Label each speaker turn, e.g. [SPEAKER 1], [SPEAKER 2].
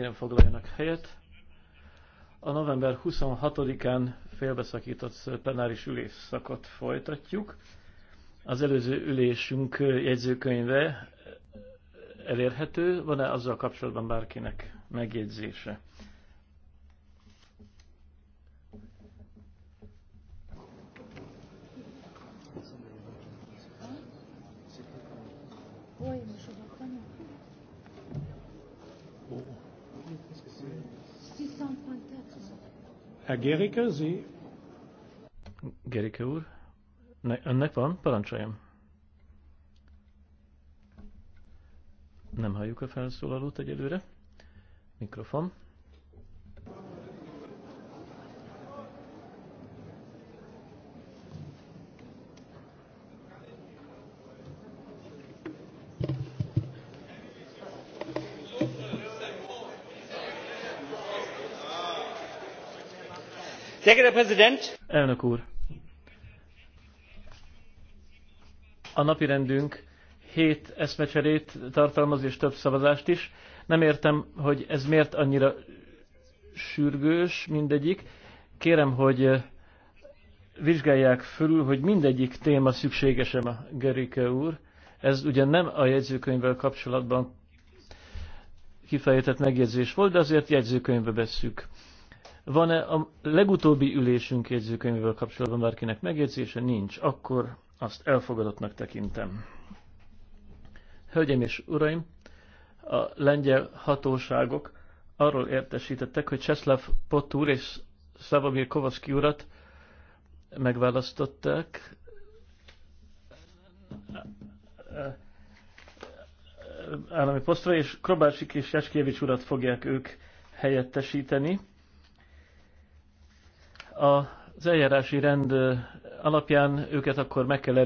[SPEAKER 1] kérem foglaljanak helyet. A november 26-án félbeszakított plenáris ülésszakot folytatjuk. Az előző ülésünk jegyzőkönyve elérhető. Van-e azzal kapcsolatban bárkinek megjegyzése? Ой, a что, Herr Gerike, Sie? Gerike úr, ne, önnek van? parancsoljam. Nem halljuk a felszólalót egyelőre. Mikrofon. Elnök úr! A napirendünk hét eszmecserét tartalmaz és több szavazást is. Nem értem, hogy ez miért annyira sürgős mindegyik. Kérem, hogy eh, vizsgálják fölül, hogy mindegyik téma e a Gerike úr. Ez ugyan nem a jegyzőkönyvvel kapcsolatban kifejtett megjegyzés volt, de azért jegyzőkönyvbe vesszük. Van-e a legutóbbi ülésünk jegyzőkönyvvel kapcsolatban bárkinek megjegyzése? Nincs. Akkor azt elfogadottnak tekintem. Hölgyeim és uraim, a lengyel hatóságok arról értesítettek, hogy Cseszláv Potúr és Szavamir Kovaszki urat megválasztották. Állami posztra, és Krobácsik és Jaskevics urat fogják ők helyettesíteni az eljárási rend alapján őket akkor meg kell